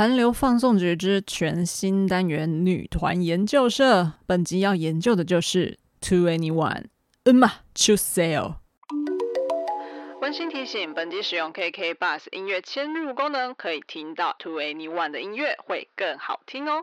韓流放送局之全新單元《女團研究社》，本集要研究的就是《To Anyone、嗯啊》哦，嗯嘛 c o s a l e 溫馨提醒：本集使用 KKBOX 音樂嵌入功能，可以聽到《To Anyone》的音樂會更好聽哦。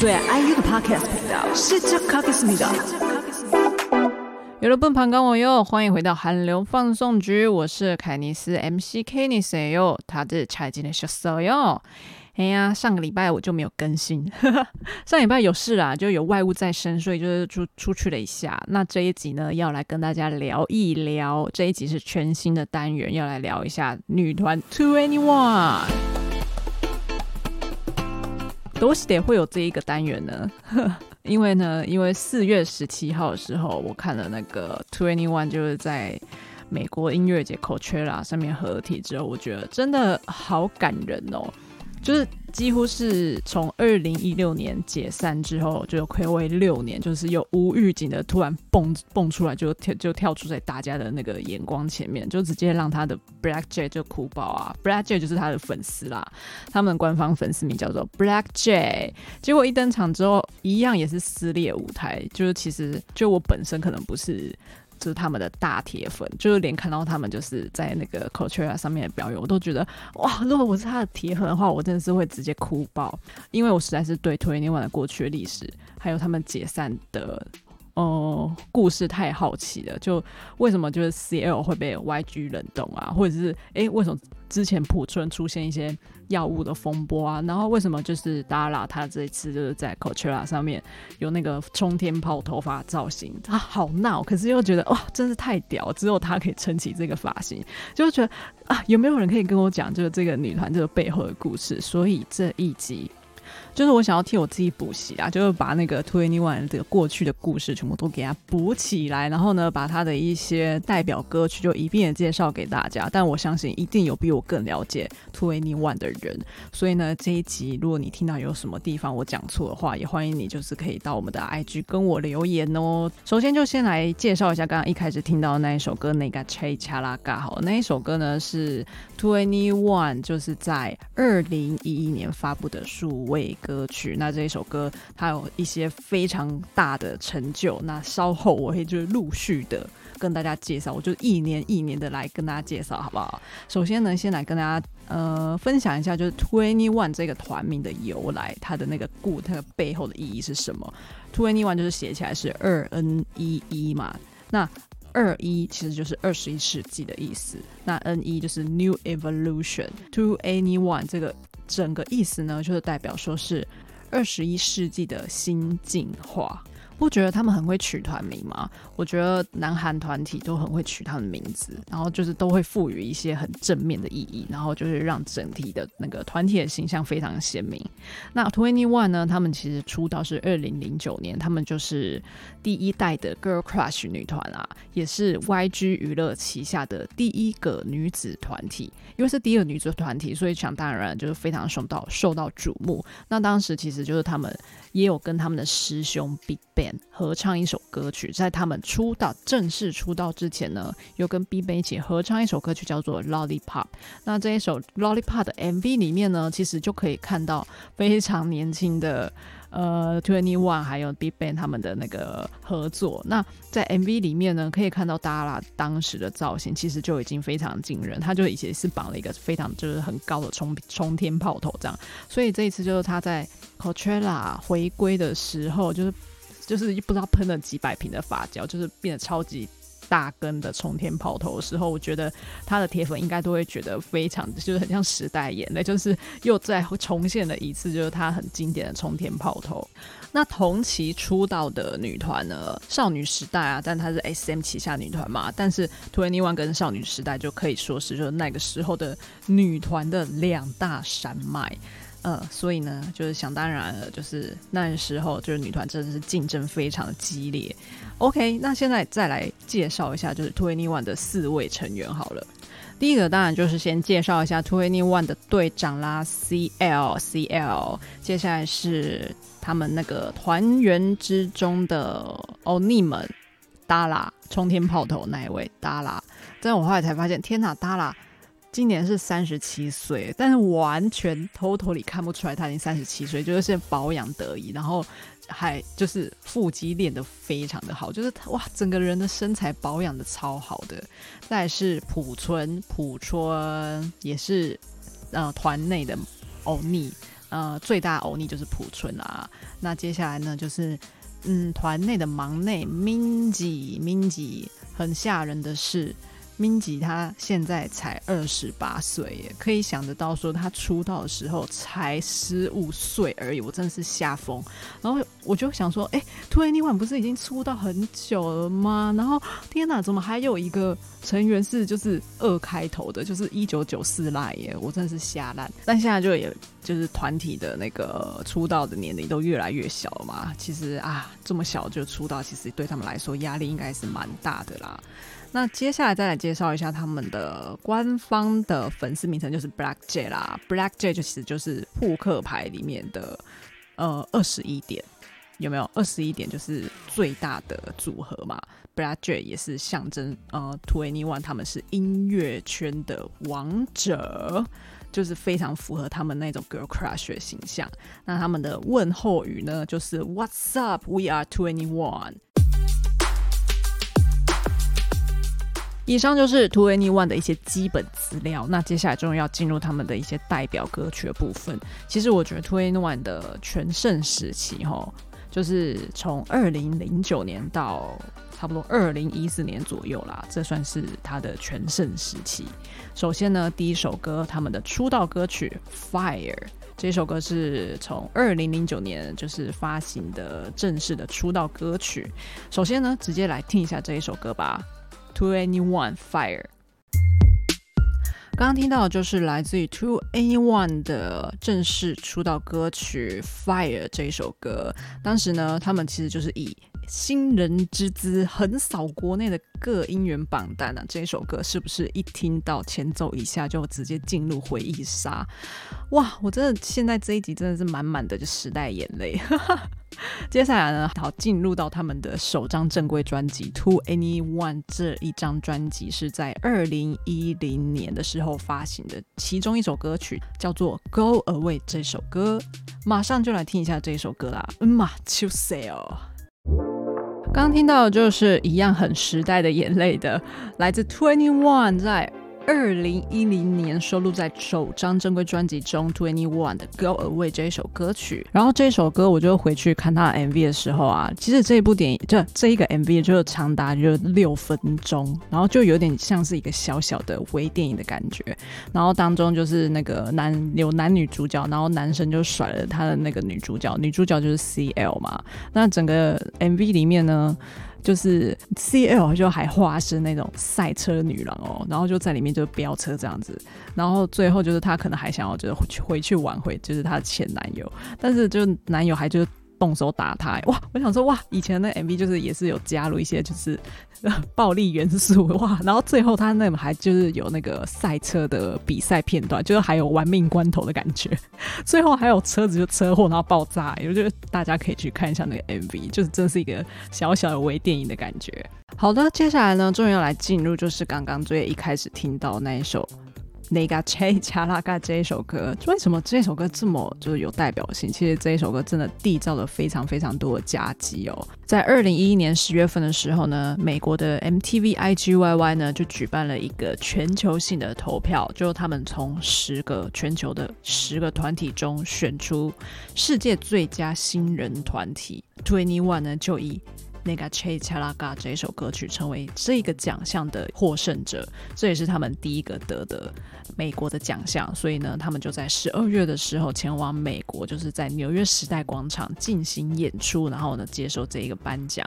對、啊。IU 的 podcast，有了奔盤跟我喲，歡迎回到韓流放送局，我是凱尼斯 MC 凱尼斯喲，他是蔡金的射手喲。哎呀，上個禮拜我就沒有更新， 上禮拜有事啊，就有外務在身，所以就是出出去了一下。那這一集呢，要來跟大家聊一聊，這一集是全新的單元，要來聊一下女團 2NE1。都是得會有這一個單元呢， 因為呢，因為四月十七號的時候，我看了那個 2NE1 就是在美國音樂節 Coachella 上面合體之後，我覺得真的好感人哦。就是幾乎是從二零一六年解散之後就暌違六年，就是又無預警的突然蹦蹦出來就，就就跳出在大家的那個眼光前面，就直接讓他的 BLACK JACK 就哭爆啊，BLACK JACK 就是他的粉絲啦，他們的官方粉絲名叫做 BLACK JACK。結果一登場之後，一樣也是撕裂舞台，就是其實就我本身可能不是。就是他們的大鐵粉，就是連看到他們就是在那個 Coachella 上面的表演，我都覺得哇！如果我是他的鐵粉的話，我真的是會直接哭爆，因為我實在是對 2NE1 的過去的歷史，還有他們解散的。哦、嗯，故事太好奇了，就為什麼就是 CL 會被 YG 冷凍啊，或者是哎、欸，為什麼之前朴春出現一些藥物的風波啊，然後為什麼就是 DARA 他這一次就是在 Coachella 上面有那個沖天炮頭髮造型，啊好鬧，可是又覺得哇、哦，真是太屌，只有他可以撐起這個髮型，就覺得啊，有沒有人可以跟我講，就是這個女團這個背後的故事？所以這一集。就是我想要替我自己補習啊，就是把那個 2NE1 的過去的故事全部都給他補起來，然後呢，把他的一些代表歌曲就一併的介紹給大家。但我相信一定有比我更了解 2NE1 的人，所以呢，這一集如果你聽到有什麼地方我講錯的話，也歡迎你就是可以到我們的 IG 跟我留言哦、喔。首先就先來介紹一下剛剛一開始聽到的那一首歌那個 Naega Jeil Jal Naga，好，那一首歌呢，首歌呢是 2NE1 就是在二零一一年發布的數位歌。歌曲，那這一首歌它有一些非常大的成就。那稍後我會就是陸續的跟大家介紹，我就一年一年的來跟大家介紹，好不好？首先呢，先來跟大家呃分享一下，就是 2NE1 這個團名的由來，它的那個故，它的背後的意義是什麼？2NE1 就是寫起來是二 N E 一嘛，那二一其實就是二十一世紀的意思，那 N 一就是 New Evolution to anyone 這個。整個意思呢，就是代表說是二十一世紀的新進化。不覺得他們很會取團名嗎？我覺得南韓團體都很會取他們的名字，然後就是都會賦予一些很正面的意義，然後就是讓整體的那個團體的形象非常鮮明。那 2NE1 呢？他們其實出道是二零零九年，他們就是第一代的 Girl Crush 女團啊，也是 YG 娛樂旗下的第一個女子團體。因為是第一個女子團體，所以想當然就是非常受到受到矚目。那當時其實就是他們也有跟他們的師兄 Big Bang 合唱一首歌曲，在他們出道正式出道之前呢，又跟 Big Bang 一起合唱一首歌曲，叫做《Lollipop》。那這一首《Lollipop》的 MV 裡面呢，其實就可以看到非常年輕的呃 2NE1 還有 Big Bang 他們的那個合作。那在 MV 裡面呢，可以看到 Dara 當時的造型其實就已經非常驚人，他就已經是綁了一個非常就是很高的沖沖天炮頭這樣。所以這一次就是他在 Coachella 回歸的時候，就是。就是不知道噴了幾百瓶的髮膠，就是變得超級大根的衝天炮頭的時候，我覺得他的鐵粉應該都會覺得非常，就是很像時代眼淚，就是又再重現了一次，就是他很經典的衝天炮頭。那同期出道的女團呢，少女時代啊，但她是 S M 旗下女團嘛，但是 2NE1 跟少女時代就可以說是就是那個時候的女團的兩大山脈。呃、嗯，所以呢，就是想當然了，就是那時候就是女團真的是競爭非常激烈。OK，那現在再來介紹一下就是 2NE1 的四位成員好了。第一個當然就是先介紹一下 2NE1 的隊長啦，CL，CL。CL, CL，接下來是他們那個團員之中的歐尼們，Dara 沖天炮頭那一位 Dara，但我後來才發現，天哪，Dara。今年是三十七歲，但是完全偷偷里看不出來，他已經三十七歲，就是保養得宜，然後還就是腹肌練得非常的好，就是哇，整個人的身材保養的超好的。再是朴春，朴春也是呃團內的歐尼，呃、呃最大歐尼就是朴春啊。那接下來呢，就是嗯團內的忙內 Minji，Minji，很嚇人的事。明吉他現在才二十八歲耶，可以想得到，說他出道的時候才十五歲而已。我真的是嚇瘋，然後我就想說，哎、欸，TWICE 不是已經出道很久了嗎？然後天哪、啊，怎麼還有一個成員是就是二開頭的，就是一九九四 Line 耶！我真的是嚇爛。但現在就也就是團體的那個出道的年齡都越來越小了嘛。其實啊，這麼小就出道，其實對他們來說壓力應該是蠻大的啦。那接下來再來介紹一下他們的官方的粉絲名稱，就是 Black Jack 啦，Black Jack 就其實就是撲克牌裡面的呃二十一點，有沒有？二十一點就是最大的組合嘛，Black Jack 也是象徵呃 2NE1 他們是音樂圈的王者，就是非常符合他們那種 Girl Crush 的形象。那他們的問候語呢，就是 What's up? We are 2NE1。以上就是 2NE1 的一些基本資料。那接下來就要進入他們的一些代表歌曲的部分。其實我覺得 2NE1 的全盛時期，齁，就是從二零零九年到差不多二零一四年左右啦，這算是他的全盛時期。首先呢，第一首歌，他們的出道歌曲《Fire》。這一首歌是從二零零九年就是發行的正式的出道歌曲。首先呢，直接來聽一下這一首歌吧。To anyone, Fire。剛剛聽到的就是來自於 To anyone 的正式出道歌曲《Fire》這一首歌。當時呢，他們其實就是以、e。新人之姿，橫掃國內的各音源榜單呢、啊。這一首歌是不是一聽到前奏一下就直接進入回憶殺？哇，我真的現在這一集真的是滿滿的就時代眼淚。 接下來呢，好進入到他們的首張正規專輯《To Anyone》這一張專輯是在二零一零年的時候發行的。其中一首歌曲叫做《Go Away》這首歌，馬上就來聽一下這一首歌啦。嗯嘛，To Say 剛聽到的就是一樣很時代的眼淚的，來自 2NE1 在二零一零年收錄在首張正規專輯中《To Anyone》的《Go Away》這一首歌曲，然後這首歌我就回去看他的 MV 的時候啊，其實這一部電影就這一個 MV 就長達就六分鐘，然後就有點像是一個小小的微電影的感覺，然後當中就是那個男有男女主角，然後男生就甩了他的那個女主角，女主角就是 CL 嘛，那整個 MV 裡面呢。就是 CL 就還化身那種賽車女郎哦，然後就在裡面就飆車這樣子，然後最後就是她可能還想要就是回去挽回，就是她的前男友，但是就男友還就。動手打他哇！我想說，哇，以前那 MV 就是也是有加入一些就是、呃、暴力元素哇，然後最後他那還就是有那個賽車的比賽片段，就是還有玩命關頭的感覺，最後還有車子就車禍然後爆炸，我覺得大家可以去看一下那個 MV，就是這是一個小小的微電影的感覺。好的，接下來呢，終於要來進入就是剛剛最一開始聽到那一首。《Naga Chai Chalaga》這一首歌，為什麼這首歌這麼就是有代表性？其實這一首歌真的締造了非常非常多的佳績哦。在二零一一年十月份的時候呢，美國的 MTV IGYY 呢就舉辦了一個全球性的投票，就他們從十個全球的十個團體中選出世界最佳新人團體，2NE1 呢就以那個切恰拉嘎》這一首歌曲成為這個獎項的獲勝者，這也是他們第一個得的美國的獎項。所以呢，他們就在十二月的時候前往美國，就是在紐約時代廣場進行演出，然後呢接受這一個頒獎。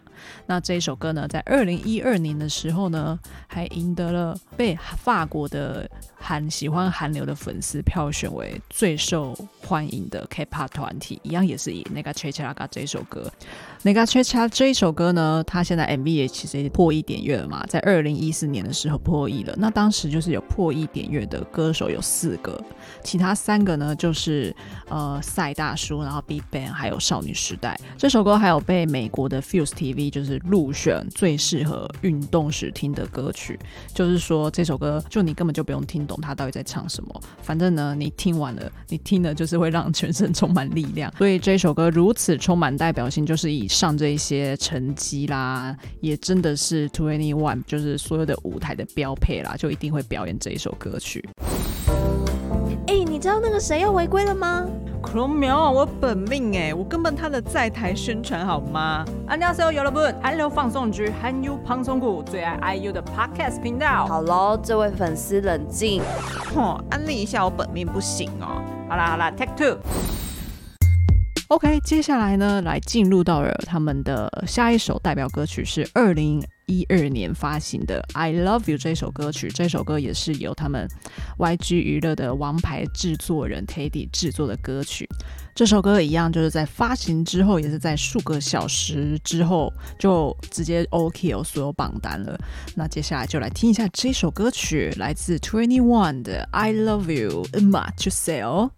那這一首歌呢，在二零一二年的時候呢，還贏得了被法國的韓喜歡韓流的粉絲票選為最受歡迎的 K-pop 團體，一樣也是以《那個切恰拉嘎》這一首歌，《那個切恰》這一首歌。呢，他現在 MV 也其實破億點閱了嘛，在二零一四年的時候破億了。那當時就是有破億點閱的歌手有四個，其他三個呢，就是呃賽大叔，然後 BigBang 還有少女時代。這首歌還有被美國的 Fuse TV 就是入選最適合運動時聽的歌曲，就是說這首歌就你根本就不用聽懂他到底在唱什麼，反正呢你聽完了，你聽了就是會讓全身充滿力量。所以這首歌如此充滿代表性，就是以上這些成，機啦，也真的是 2NE1，就是所有的舞台的標配啦，就一定會表演這一首歌曲。哎、欸，你知道那個誰又回歸了嗎？k r o m o 我本命，哎、欸，我根本他的在台宣傳好嗎？安利所有娛樂本，還放送局，還有放送局，最愛 IU 的 podcast 頻道。好咯，這位粉絲冷靜，哼，安利一下我本命不行哦、喔。好啦好啦，take two。OK，接下來呢，來進入到了他們的下一首代表歌曲，是二零一二年發行的《I Love You》這首歌曲。這首歌也是由他們 YG 娛樂的王牌制作人 Teddy 制作的歌曲。這首歌一樣，就是在發行之後，也是在數個小時之後就直接 OK 所有榜單了。那接下來就來聽一下這一首歌曲，來自 2NE1 的《I Love You to Sell》，嗯 s 出 l 哦。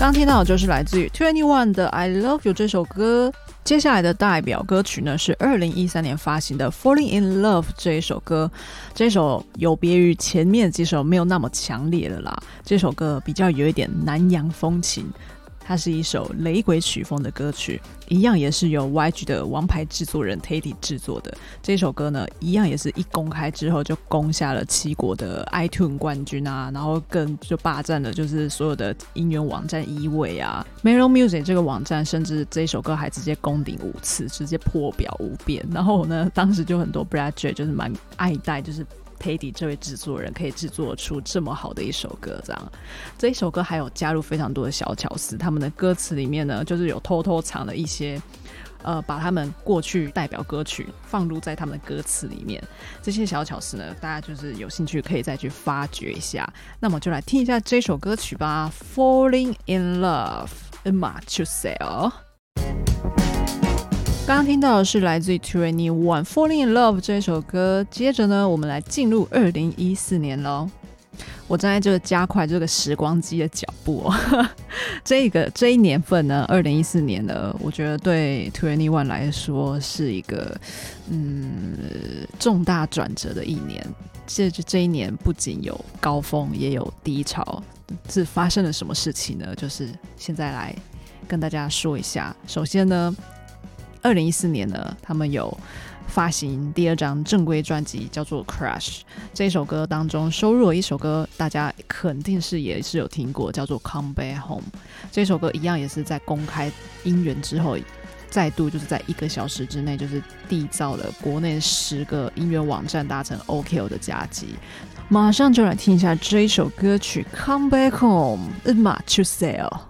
剛聽到的就是來自於 To Anyone 的 I Love You 這首歌。接下來的代表歌曲呢，是二零一三年發行的 Falling in Love 這一首歌。這首有別於前面幾首沒有那麼強烈的啦，這首歌比較有一點南洋風情。它是一首雷鬼曲風的歌曲，一樣也是由 YG 的王牌製作人 Teddy 製作的。這首歌呢，一樣也是一公開之後就攻下了七國的 iTunes 冠軍啊，然後更就霸佔了就是所有的音樂網站一位啊，Melon Music 這個網站甚至這首歌還直接攻頂五次，直接破表五遍。然後呢，當時就很多 Brage 就是蠻愛戴，就是。佩蒂這位製作人可以製作出這麼好的一首歌，這樣這一首歌還有加入非常多的小巧思，他們的歌詞裡面呢，就是有偷偷藏了一些，呃，把他們過去代表歌曲放入在他們的歌詞裡面，這些小巧思呢，大家就是有興趣可以再去發掘一下。那麼就來聽一下這首歌曲吧，《Falling in Love》。剛剛聽到的是來自於 2NE1 Falling in Love 這首歌。接着呢，我們來進入二零一四年咯。我正在就加快這個時光機的腳步哦。 這個這一年份呢，二零一四年呢，我覺得對 2NE1 來說是一個嗯重大轉折的一年。這這一年不僅有高峰，也有低潮。是發生了什麼事情呢？就是現在來跟大家說一下。首先呢。二零一四年呢，他們有發行第二張正規專輯，叫做《Crush》。這首歌當中收入了一首歌，大家肯定是也是有聽過，叫做《Come Back Home》。這首歌一樣也是在公開音源之後，再度就是在一個小時之內，就是締造了國內十個音樂網站達成 OK 的佳績。馬上就來聽一下這一首歌曲《Come Back Home》，馬出 l 哦。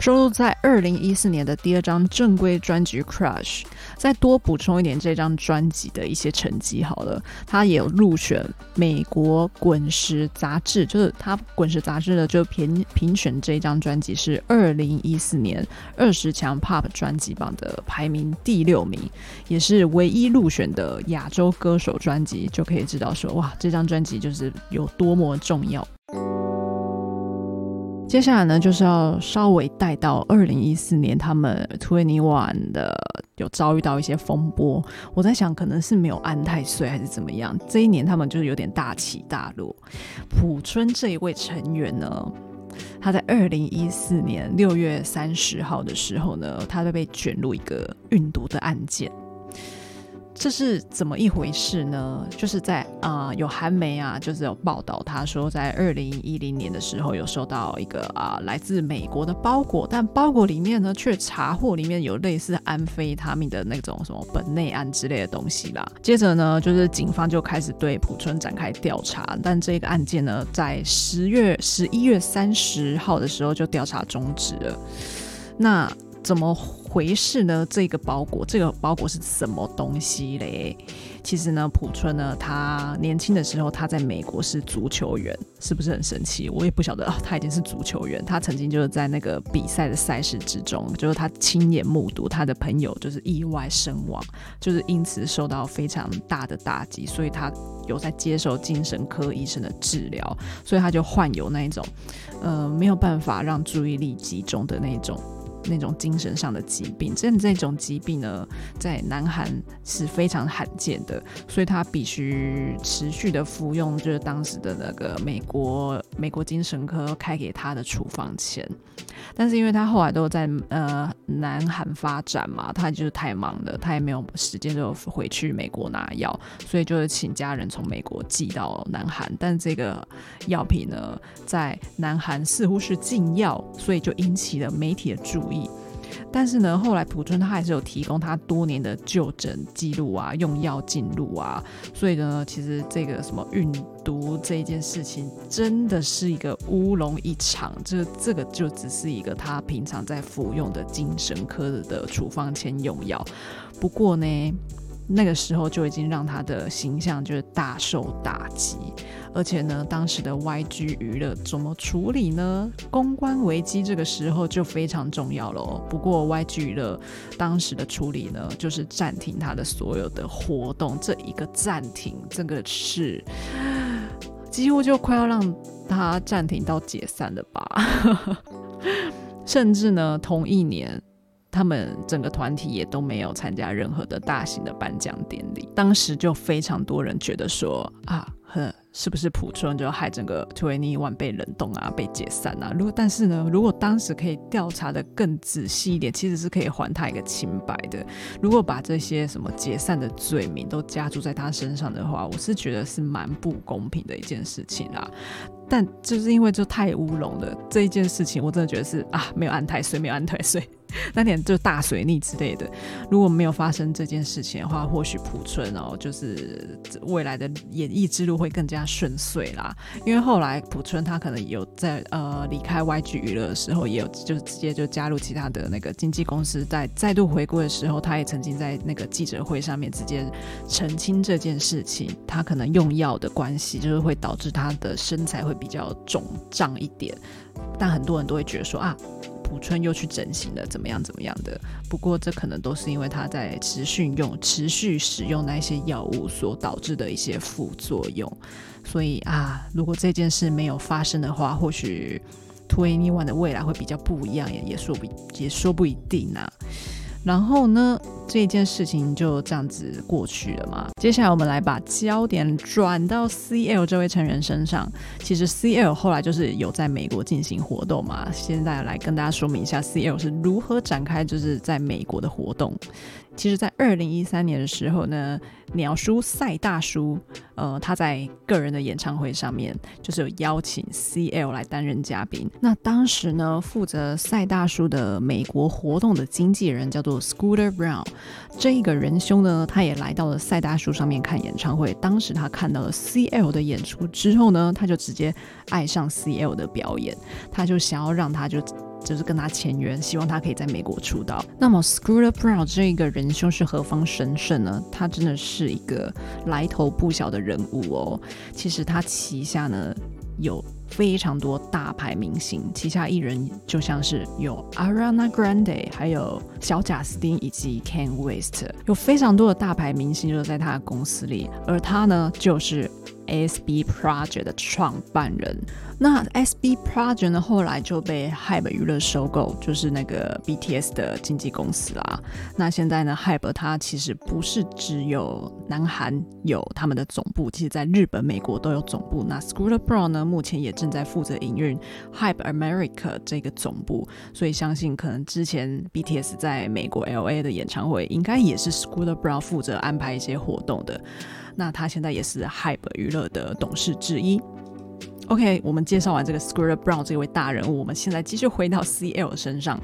收錄在二零一四年的第二張正規專輯《Crush》，再多補充一點這張專輯的一些成績好了。他也有入選美國滾石雜誌，就是他滾石雜誌的就評評選這張專輯是二零一四年二十強 Pop 專輯榜的排名第六名，也是唯一入選的亞洲歌手專輯。就可以知道說，哇，這張專輯就是有多麼重要。接下來呢，就是要稍微帶到二零一四年，他們 2NE1 的有遭遇到一些風波。我在想，可能是沒有安太歲，還是怎麼樣？這一年他們就是有點大起大落。朴春這一位成員呢，他在二零一四年六月三十號的時候呢，他就被捲入一個運毒的案件。這是怎麼一回事呢？就是在啊、呃，有韓媒啊，就是有報道，他說在二零一零年的時候有收到一個啊、呃，來自美國的包裹，但包裹裡面呢卻查獲裡面有類似安非他命的那種什麼苯內胺之類的東西啦。接着呢，就是警方就開始對朴春展開調查，但這個案件呢，在十月十一月三十號的時候就調查終止了。那怎麼？回事呢？這個包裹，這個包裹是什麼東西嘞？其實呢，朴春呢，他年輕的時候，他在美國是足球員，是不是很神奇？我也不曉得啊。他，哦，已經是足球員，他曾經就是在那個比賽的賽事之中，就是他親眼目睹他的朋友就是意外身亡，就是因此受到非常大的打擊，所以他有在接受精神科醫生的治療，所以他就患有那一種，呃，沒有辦法讓注意力集中的那一種。那種精神上的疾病，這樣這種疾病呢，在南韓是非常罕見的，所以他必須持續的服用，就是當時的那個美國。美國精神科開給他的處方箋，但是因為他後來都在呃南韓發展嘛，他就是太忙了，他也沒有時間就回去美國拿藥，所以就是請家人從美國寄到南韓。但這個藥品呢，在南韓似乎是禁藥，所以就引起了媒體的注意。但是呢，後來朴春他還是有提供他多年的就診記錄啊、用藥記錄啊，所以呢，其實這個什麼運毒這件事情，真的是一個烏龍一場，這這個就只是一個他平常在服用的精神科的的處方籤用藥。不過呢。那個時候就已經讓他的形象就是大受打擊，而且呢，當時的 YG 娛樂怎麼處理呢？公關危機這個時候就非常重要咯。不過 YG 娛樂當時的處理呢，就是暫停他的所有的活動，這一個暫停，這個是幾乎就快要讓他暫停到解散了吧。 甚至呢，同一年。他們整個團體也都沒有參加任何的大型的頒獎典禮。當時就非常多人覺得說啊，是不是朴春就要害整個 2NE1 被冷凍啊，被解散啊？如果但是呢，如果當時可以調查的更仔細一點，其實是可以還他一個清白的。如果把這些什麼解散的罪名都加注在他身上的話，我是覺得是蠻不公平的一件事情啊。但就是因為就太烏龍了這一件事情，我真的覺得是啊，沒有安太歲，沒有安太歲。 那點就大水逆之類的，如果沒有發生這件事情的話，或許朴春哦、喔，就是未來的演藝之路會更加順遂啦。因為後來朴春他可能有在呃離開 YG 娛樂的時候，也有就是直接就加入其他的那個經紀公司。在再度回歸的時候，他也曾經在那個記者會上面直接澄清這件事情，他可能用藥的關係就是會導致他的身材會比較腫脹一點，但很多人都會覺得說啊。朴春又去整形了，怎麼樣？怎麼樣的？不過這可能都是因為他在持續用、持續使用那些藥物所導致的一些副作用。所以啊，如果這件事沒有發生的話，或許 2NE1 的未來會比較不一樣，也也說不也說不一定呢、啊。然後呢，這件事情就這樣子過去了嘛。接下來我們來把焦點轉到 CL 這位成員身上。其實 CL 後來就是有在美國進行活動嘛。現在來跟大家說明一下，CL 是如何展開就是在美國的活動。其實，在二零一三年的時候呢，鳥叔賽大叔，呃，他在個人的演唱會上面，就是有邀請 CL 來擔任嘉賓。那當時呢，負責賽大叔的美國活動的經紀人叫做 Scooter Brown，這一個仁兄呢，他也來到了賽大叔上面看演唱會。當時他看到了 CL 的演出之後呢，他就直接愛上 CL 的表演，他就想要讓他就。就是跟他簽約，希望他可以在美國出道。那麼 Scooter Braun 這一個人究竟是何方神聖呢？他真的是一個來頭不小的人物哦。其實他旗下呢有非常多大牌明星，旗下藝人就像是有 Ariana Grande，還有小賈斯汀以及 Kanye West，有非常多的大牌明星就在他的公司裡，而他呢就是。S B Project 的創辦人，那 S B Project 呢，後來就被 HYBE 娛樂收購，就是那個 B T S 的經紀公司啦。那現在呢，HYBE 它其實不是只有南韓有他們的總部，其實在日本、美國都有總部。那 Scooter Braun 呢，目前也正在負責營運 HYBE America 這個總部，所以相信可能之前 B T S 在美國 L A 的演唱會，應該也是 Scooter Braun 負責安排一些活動的。那他現在也是 HYBE 娛樂的董事之一。OK，我們介紹完這個 Scooter Braun 這位大人物，我們現在繼續回到 CL 身上。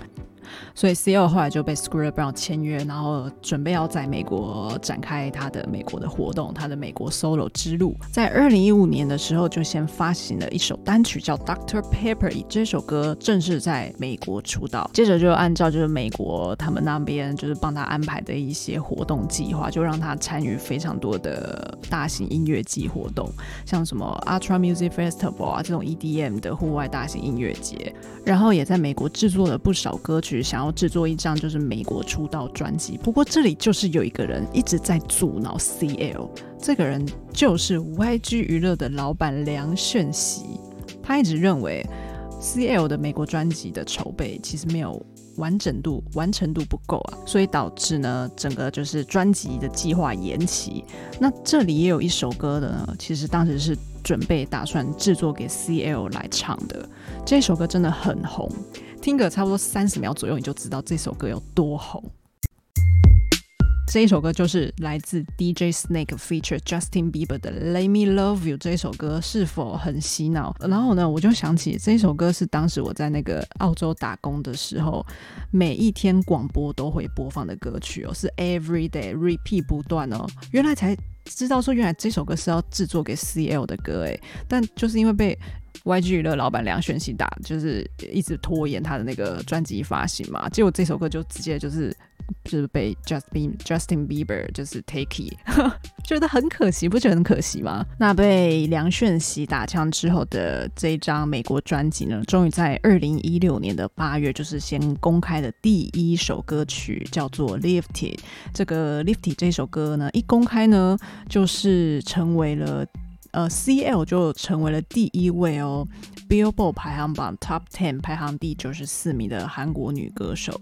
所以，CL 後來就被 Scooter Braun 簽約，然後準備要在美國展開他的美國的活動，他的美國 solo 之路。在二零一五年的時候，就先發行了一首單曲叫《Doctor Pepper、Eat》，這首歌正式在美國出道。接着就按照就是美國他們那邊就是幫他安排的一些活動計劃，就讓他參與非常多的大型音樂節活動，像什麼 Ultra Music Festival 啊這種 EDM 的戶外大型音樂節。然後也在美國制作了不少歌曲。想要制作一張就是美國出道專輯，不過這裡就是有一個人一直在阻撓 CL，這個人就是 YG 娛樂的老板梁鉉錫，他一直認為 CL 的美國專輯的籌備其實沒有完整度、完成度不夠啊，所以導致呢整個就是專輯的計劃延期。那這裡也有一首歌的呢，其實當時是準備打算制作給 CL 來唱的，這首歌真的很紅。聽個差不多三十秒左右，你就知道這首歌有多紅。這一首歌就是來自 DJ Snake Feature Justin Bieber 的《Let Me Love You》。這首歌是否很洗腦？然後呢，我就想起這首歌是當時我在那個澳洲打工的時候，每一天廣播都會播放的歌曲哦，是 Everyday Repeat 不斷哦。原來才知道說，原來這首歌是要制作給 CL 的歌哎，但就是因為被。YG 娛樂老板梁鉉錫打，就是一直拖延他的那個專輯發行嘛，結果這首歌就直接就是就是被 Justin Justin Bieber 就是 take it， 覺得很可惜，不覺得很可惜嗎？那被梁鉉錫打槍之後的這一張美國專輯呢，終於在二零一六年的八月，就是先公開的第一首歌曲叫做 Lifted。這個 Lifted 這首歌呢，一公開呢，就是成為了。呃，CL 就成為了第一位哦，Billboard 排行榜 Top Ten 排行第九十四名的韓國女歌手。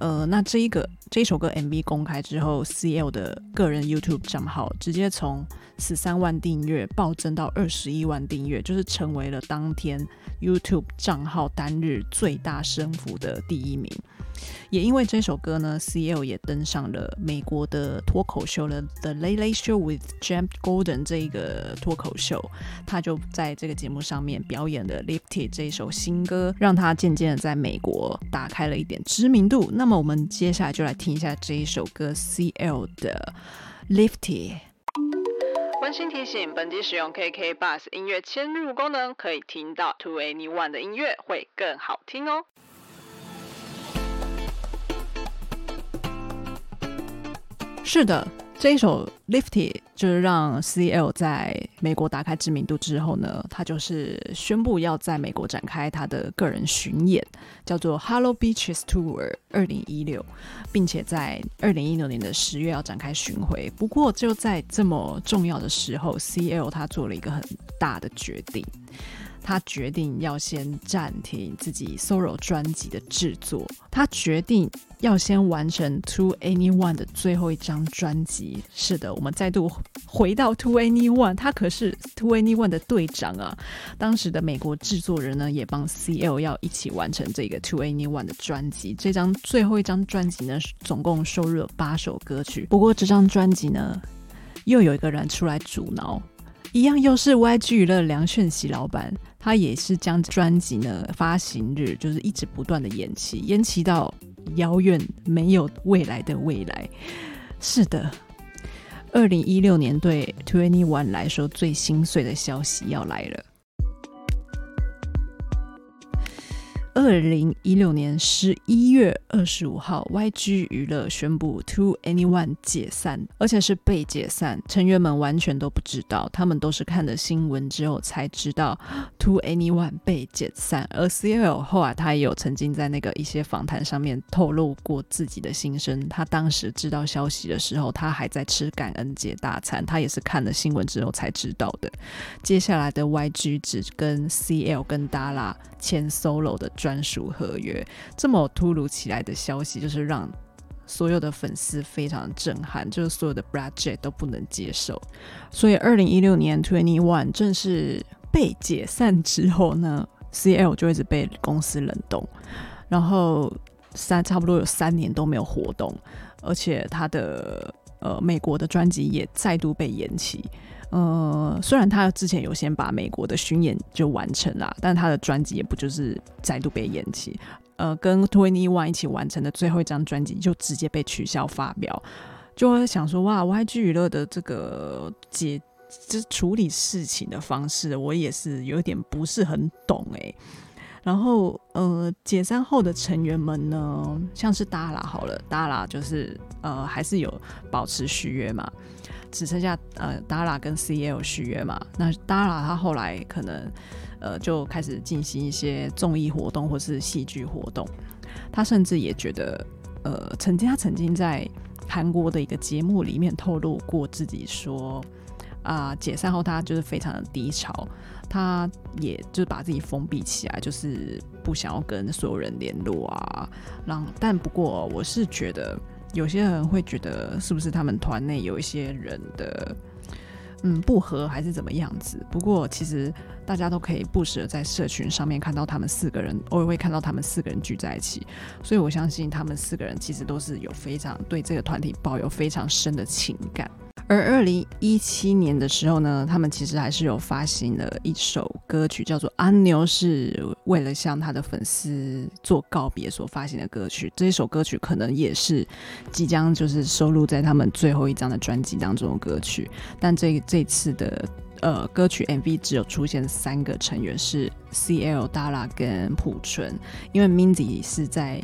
呃，那這一個這一首歌 MV 公開之後，CL 的個人 YouTube 賬號直接從十三萬訂閱暴增到二十一萬訂閱，就是成為了當天 YouTube 賬號單日最大升幅的第一名。也因為這首歌呢，CL 也登上了美國的脫口秀了，《The Late Late Show with James Corden》這一個脫口秀，他就在這個節目上面表演了《Lifted》這首新歌，讓他漸漸的在美國打開了一點知名度。那麼我們接下來就來聽一下這一首歌 CL 的《Lifted》。溫馨提醒，本機使用 KKBOX 音樂嵌入功能，可以聽到 2NE1 的音樂會更好聽哦。是的，這一首 Lifted 就是讓 CL 在美國打開知名度之後呢，他就是宣布要在美國展開他的個人巡演，叫做 Hello Beaches Tour 二零一六，並且在二零一六年的十月要展開巡回。不過就在這麼重要的時候，CL 他做了一個很大的決定。他決定要先暫停自己 solo 專輯的製作，他決定要先完成 2NE1 的最後一張專輯。是的，我們再度回到 2NE1，他可是 2NE1 的隊長啊！當時的美國製作人呢，也幫 CL 要一起完成這個 2NE1 的專輯。這張最後一張專輯呢，總共收入了八首歌曲。不過這張專輯呢，又有一個人出來阻撓。一樣又是 YG 娛樂梁鉉錫老板，他也是將專輯呢發行日，就是一直不斷的延期，延期到遙遠沒有未來的未來。是的，二零一六年對 2NE1 來說最心碎的消息要來了。二零一六年十一月二十五號，YG 娛樂宣布 2NE1 解散，而且是被解散。成員們完全都不知道，他們都是看了新聞之後才知道 2NE1 被解散。而 CL 後來、啊、他也有曾經在那個一些訪談上面透露過自己的心聲，他當時知道消息的時候，他還在吃感恩節大餐，他也是看了新聞之後才知道的。接下來的 YG 只跟 CL 跟 Dara 簽 solo 的。專屬合約。這麼突如其來的消息，就是讓所有的粉絲非常震撼，就是所有的 BLACKJACK 都不能接受。所以，二零一六年 2NE1 正式被解散之後呢，CL 就一直被公司冷凍，然後三差不多有三年都沒有活動，而且他的呃美國的專輯也再度被延期。呃，雖然他之前有先把美國的巡演，就完成了，但他的專輯也不，就是再度被延期。呃，跟 2NE1 一起完成的最後一張專輯就直接被取消發表。就會想說，哇，YG 娛樂的這個解這、就是、處理事情的方式，我也是有點不是很懂，哎、欸。然後，呃，解散後的成員們呢，像是 Dara 好了，Dara 就是呃還是有保持續約嘛。只剩下呃，Dara 跟 CL 續約嘛。那 Dara 他後來可能呃就開始進行一些綜藝活動或是戲劇活動。他甚至也覺得呃，曾經他曾經在韓國的一個節目裡面透露過自己說啊、呃，解散後他就是非常的低潮，他也就是把自己封閉起來，就是不想要跟所有人聯絡啊。讓但不過、哦、我是覺得。有些人會覺得，是不是他們團內有一些人的，嗯，不合還是怎麼樣子？不過其實大家都可以不舍在社群上面看到他們四個人，偶爾會看到他們四個人聚在一起。所以我相信他們四個人其實都是有非常對這個團體抱有非常深的情感。而二零一七年的時候呢，他們其實還是有發行了一首歌曲，叫做《安牛》，是為了向他的粉絲做告別所發行的歌曲。這一首歌曲可能也是即將就是收錄在他們最後一張的專輯當中的歌曲。但這這次的呃歌曲 MV 只有出現三個成員是 CL、Dara 跟朴春，因為 Minzy 是在。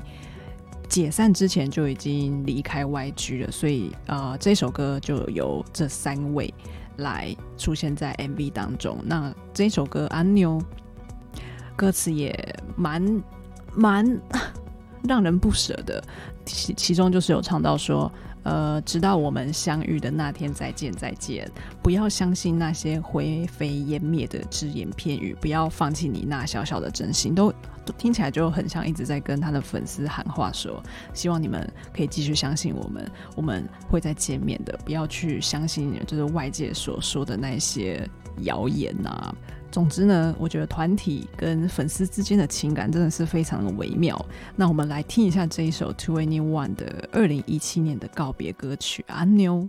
解散之前就已經離開 YG 了，所以呃，這首歌就由這三位來出現在 MV 當中。那這首歌《Annyeong》，歌詞也蠻蠻、蠻讓人不舍的，其其中就是有唱到說。呃，直到我們相遇的那天再見再見！不要相信那些灰飛煙滅的隻言片語，不要放棄你那小小的真心。都，都聽起來就很像一直在跟他的粉絲喊話說，說希望你們可以繼續相信我們，我們會再見面的。不要去相信就是外界所說的那些謠言吶、啊。總之呢，我覺得團體跟粉絲之間的情感真的是非常的微妙。那我們來聽一下這一首 2NE1 的二零一七年的告別歌曲《阿妞》，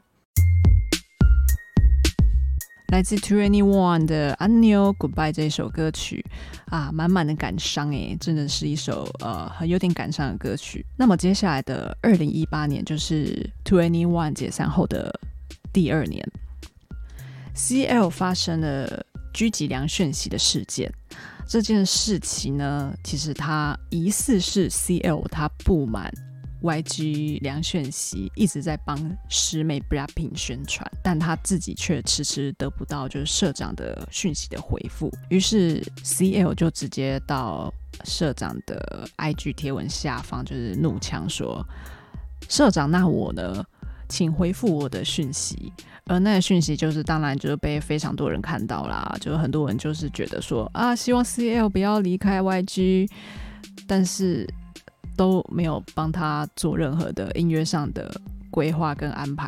來自 2NE1 的《阿妞 Goodbye》這一首歌曲啊，滿滿的感傷誒、欸，真的是一首呃很有點感傷的歌曲。那麼接下來的二零一八年就是 2NE1 解散後的第二年，CL 發生了。狙擊梁鉉錫的事件，這件事情呢，其實他疑似是 CL，他不滿 YG 梁鉉錫一直在幫師妹 BLACKPINK 宣傳，但他自己卻遲遲得不到就是社長的訊息的回復，於是 CL 就直接到社長的 IG 貼文下方就是怒嗆說：“社長，那我呢，請回復我的訊息。”而那個訊息就是，當然就是被非常多人看到啦。就是很多人就是覺得說啊，希望 CL 不要離開 YG，但是都沒有幫他做任何的音樂上的規劃跟安排，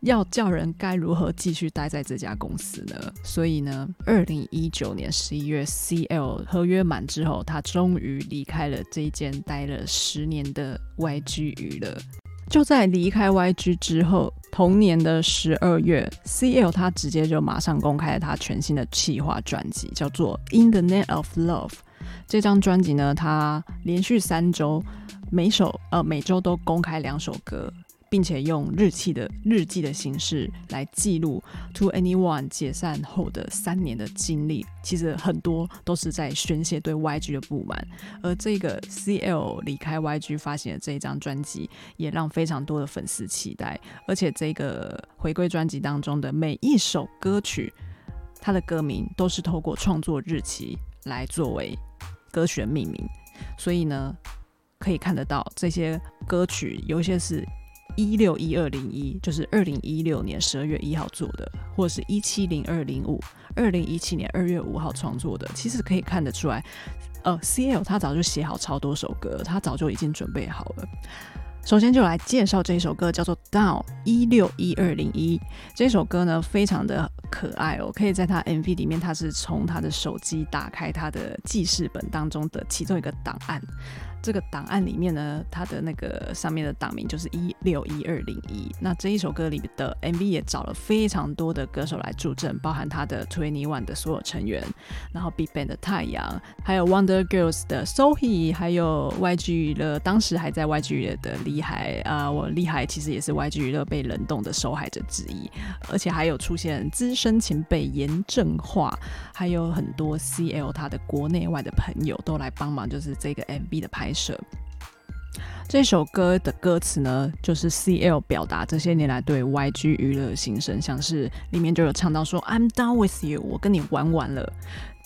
要叫人該如何繼續待在這家公司呢？所以呢，二零一九年十一月，CL 合約滿之後，他終於離開了這一間待了十年的 YG 娛樂。就在離開 YG 之後，同年的十二月，CL 他直接就馬上公開了他全新的企劃專輯，叫做《In the Name of Love》。這張專輯呢，他連續三周，每首呃每周都公開兩首歌。並且用日期的日記的形式來記錄，To Anyone 解散後的三年的經歷，其實很多都是在宣洩對 YG 的不滿。而這個 CL 離開 YG 發行的這張專輯，也讓非常多的粉絲期待。而且這個回歸專輯當中的每一首歌曲，它的歌名都是透過創作日期來作為歌曲的命名。所以呢，可以看得到這些歌曲，有些是。一六一二零一就是二零一六年十二月一號做的，或者是一七零二零五，二零一七年二月五號創作的。其實可以看得出來，呃，CL 他早就寫好超多首歌，他早就已經準備好了。首先就來介紹這一首歌，叫做《Down》一六一二零一。這一首歌呢非常的可愛哦、喔，可以在他 MV 裡面，他是從他的手機打開他的記事本當中的其中一個檔案。這個檔案裡面呢，他的那個上面的檔名就是一六一二零一。那這一首歌裡的 MV 也找了非常多的歌手來助陣，包含他的 t w e n t y ONE 的所有成員，然後 BigBang 的太陽，還有 Wonder Girls 的 s o h e 還有 YG 娛樂當時還在 YG 的李海啊，我李海其實也是 YG 娛樂被冷凍的受害者之一，而且還有出現資深前輩嚴正化，還有很多 CL 他的國內外的朋友都來幫忙，就是這個 MV 的拍。這首歌的歌詞呢，就是 CL 表達這些年來對 YG 娛樂的心聲，像是裡面就有唱到說 “I'm done with you，我跟你玩完了。”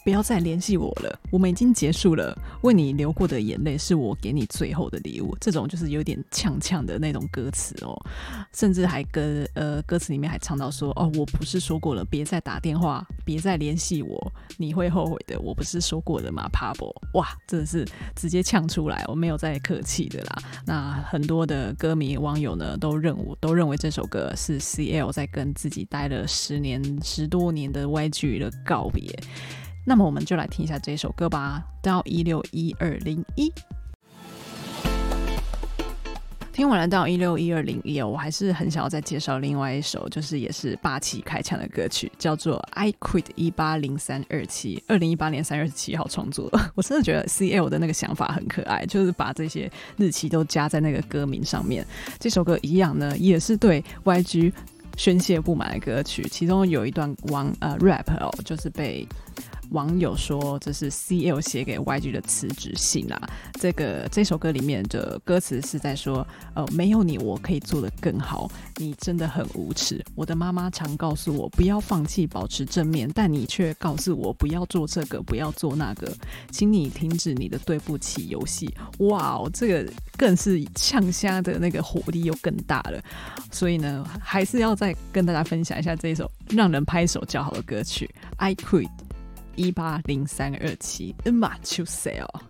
不要再聯繫我了，我們已經結束了。為你流過的眼淚是我給你最後的禮物。這種就是有點嗆嗆的那種歌詞哦、喔，甚至還跟呃歌詞裡面還唱到說：“哦，我不是說過了，別再打電話，別再聯繫我，你會後悔的。”我不是說過的嗎？Pablo，哇，真的是直接嗆出來，我沒有再客氣的啦。那很多的歌迷網友呢都認我都認為這首歌是 CL 在跟自己待了十年十多年的 YG 的告別。那麼我們就來聽一下這首歌吧。到一六一二零一聽完了，到一六一二零一，我還是很想要再介紹另外一首，就是也是霸氣開腔的歌曲，叫做《I Quit》一八零三二七，二零一八年三月二十七號創作。我真的覺得 CL 的那個想法很可愛，就是把這些日期都加在那個歌名上面。這首歌一樣呢，也是對 YG 宣泄不滿的歌曲。其中有一段王呃 rap 哦，就是被。網友說：“這是 CL 寫給 YG 的辭職信啦、啊。”這個這首歌裡面的歌詞是在說：“呃，沒有你，我可以做得更好。你真的很無恥。我的媽媽常告訴我不要放棄，保持正面，但你卻告訴我不要做這個，不要做那個。請你停止你的對不起遊戲。”哇，這個更是嗆蝦的那個火力又更大了。所以呢，還是要再跟大家分享一下這一首讓人拍手叫好的歌曲《I Quit》。一八零三二七，嗯嘛，求死哦！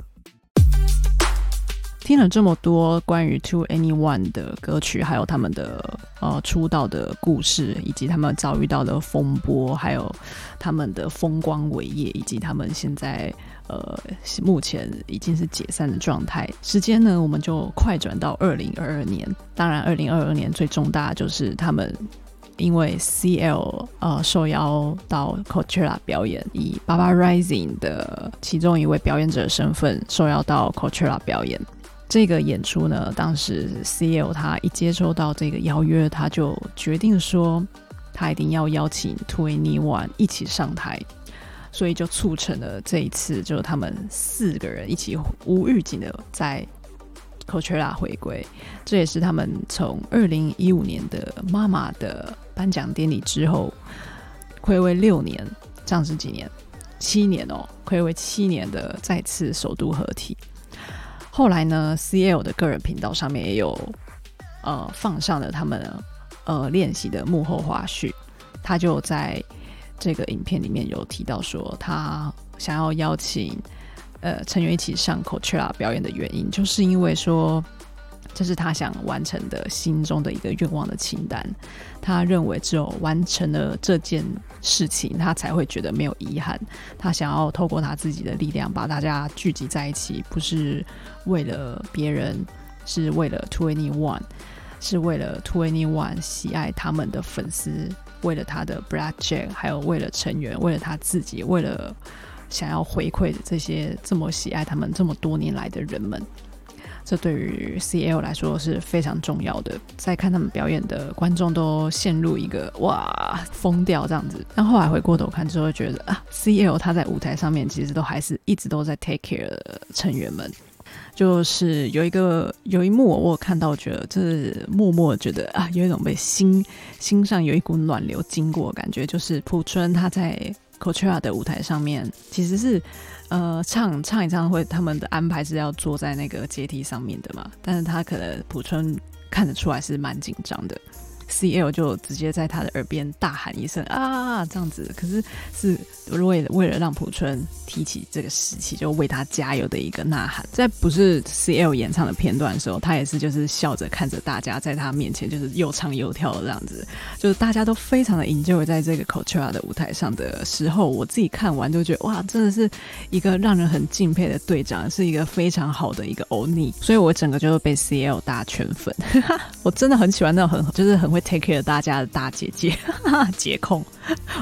聽了這麼多關於 To Anyone 的歌曲，還有他們的呃出道的故事，以及他們遭遇到的風波，還有他們的風光偉業，以及他們現在呃目前已經是解散的狀態。時間呢，我們就快轉到二零二二年。當然，二零二二年最重大的就是他們。因為 CL 呃，受邀到 Coachella 表演，以 Baba Rising 的其中一位表演者身份受邀到 Coachella 表演。這個演出呢，當時 CL 他一接收到這個邀約，他就決定說他一定要邀請 2NE1 一起上台，所以就促成了這一次就是他們四個人一起無預警的在 Coachella 回歸。這也是他們從二零一五年的媽媽的。頒獎典禮之後，暌違六年，這樣是幾年，七年哦、喔，暌違七年的再次首度合體。後來呢，CL 的個人頻道上面也有呃放上了他們呃練習的幕後花絮。他就在這個影片裡面有提到說，他想要邀請呃成員一起上 Coachella 表演的原因，就是因為說。這是他想完成的心中的一個願望的清單。他認為只有完成了這件事情，他才會覺得沒有遺憾。他想要透過他自己的力量把大家聚集在一起，不是為了別人，是為了 2NE1，是為了 2NE1 喜愛他們的粉絲，為了他的 Black Jack，還有為了成員，為了他自己，為了想要回饋這些這麼喜愛他們這麼多年來的人們。這對於 CL 來說是非常重要的。在看他們表演的觀眾都陷入一個哇，瘋掉這樣子，但後來回過頭看之後覺得啊，CL 他在舞台上面其實都還是一直都在 take care 成員們。就是有一個有一幕我，我看到覺得就是默默覺得啊，有一種被心心上有一股暖流經過的感覺，就是朴春他在 Coachella 的舞台上面其實是。呃，唱唱演唱會，他們的安排是要坐在那個階梯上面的嘛，但是他可能朴春看得出來是蠻緊張的。CL 就直接在他的耳邊大喊一聲啊，這樣子，可是是為了為了讓朴春提起這個士氣，就為他加油的一個吶喊。在不是 CL 演唱的片段的時候，他也是就是笑着看着大家，在他面前就是又唱又跳的這樣子，就是大家都非常的 enjoy 在這個 Coachella 的舞台上的時候，我自己看完就覺得哇，真的是一個讓人很敬佩的隊長，是一個非常好的一個歐尼，所以我整個就被 CL 大圈粉， 我真的很喜歡那種很就是很。會 take care 大家的大姐姐，節 解控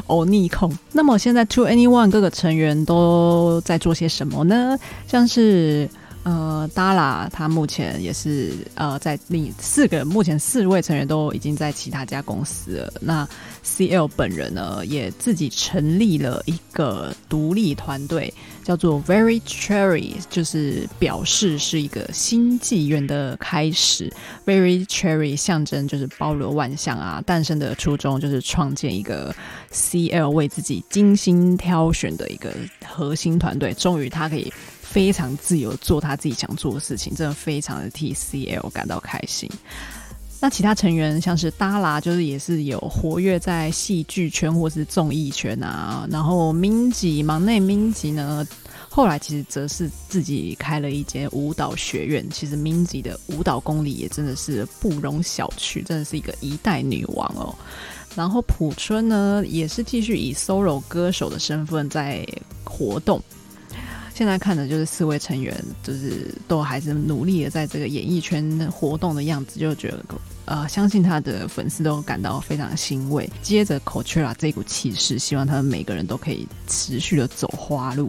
哦逆 控。那麼現在 2NE1 各個成員都在做些什麼呢？像是呃 Dara 他目前也是呃在另四個目前四位成員都已經在其他家公司了。那 CL 本人呢，也自己成立了一個獨立團隊。叫做 Very Cherry，就是表示是一個新紀元的開始。Very Cherry 象徵就是包羅萬象啊，誕生的初衷就是創建一個 CL 為自己精心挑選的一個核心團隊。終於，他可以非常自由做他自己想做的事情，真的非常的替 CL 感到開心。那其他成員像是達拉，就是也是有活躍在戲劇圈或是綜藝圈啊。然後 Minzy 忙內 Minzy 呢，後來其實則是自己開了一間舞蹈學院。其實 Minzy 的舞蹈功力也真的是不容小覷，真的是一個一代女王哦。然後朴春呢，也是繼續以 solo 歌手的身份在活動。現在看的就是四位成員，就是都還是努力的在這個演藝圈活動的樣子，就覺得，呃，相信他的粉絲都感到非常欣慰。接着 Coachella 這股氣勢，希望他們每個人都可以持續的走花路。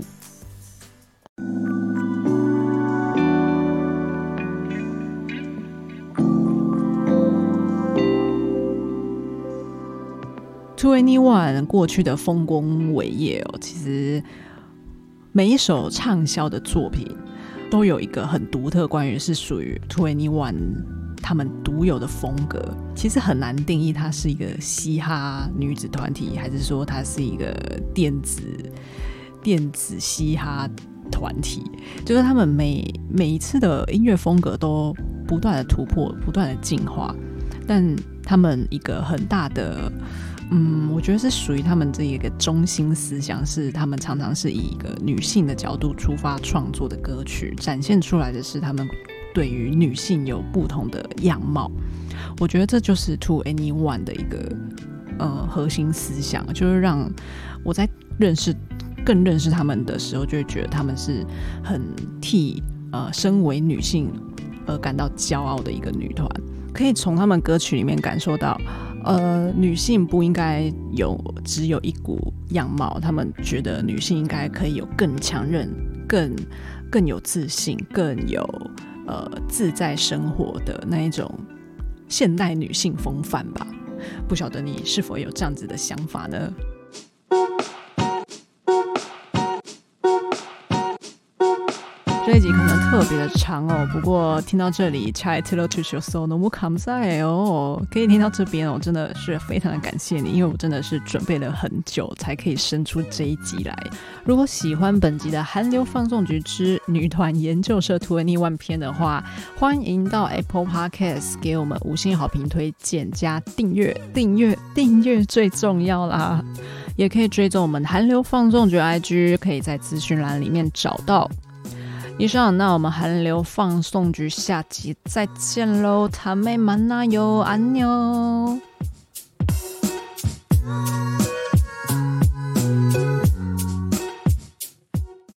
To Anyone 過去的豐功偉業，哦，其實。每一首暢銷的作品都有一個很獨特，關於是屬於 2NE1 他們獨有的風格。其實很難定義它是一個嘻哈女子團體，還是說它是一個電子電子嘻哈團體。就是他們每每一次的音樂風格都不斷的突破，不斷的進化。但他們一個很大的。嗯，我覺得是屬於他們這一個中心思想，是他們常常是以一個女性的角度出發創作的歌曲，展現出來的是他們對於女性有不同的樣貌。我覺得這就是 2NE1 的一個呃核心思想，就是讓我在認識更認識他們的時候，就會覺得他們是很替呃身為女性而感到驕傲的一個女團，可以從他們歌曲裡面感受到。呃，女性不應該有只有一股樣貌，她們覺得女性應該可以有更強韌、更更有自信、更有呃自在生活的那一種現代女性風範吧？不曉得你是否有這樣子的想法呢？這一集可能特別的長哦、喔，不過聽到這裡，try to lose your soul，no more comes in 哦，可以聽到這邊、喔，我真的是非常的感謝你，因為我真的是準備了很久才可以生出這一集來。如果喜歡本集的《韓流放縱局之女團研究社 2NE1 篇》的話，歡迎到 Apple Podcast 給我們五星好評、推薦加訂閱，訂閱訂閱最重要啦！也可以追蹤我們韓流放縱局 IG，可以在資訊欄裡面找到。以上，那我們韓流放送局下集再見嘍！塔妹曼娜喲，安妞。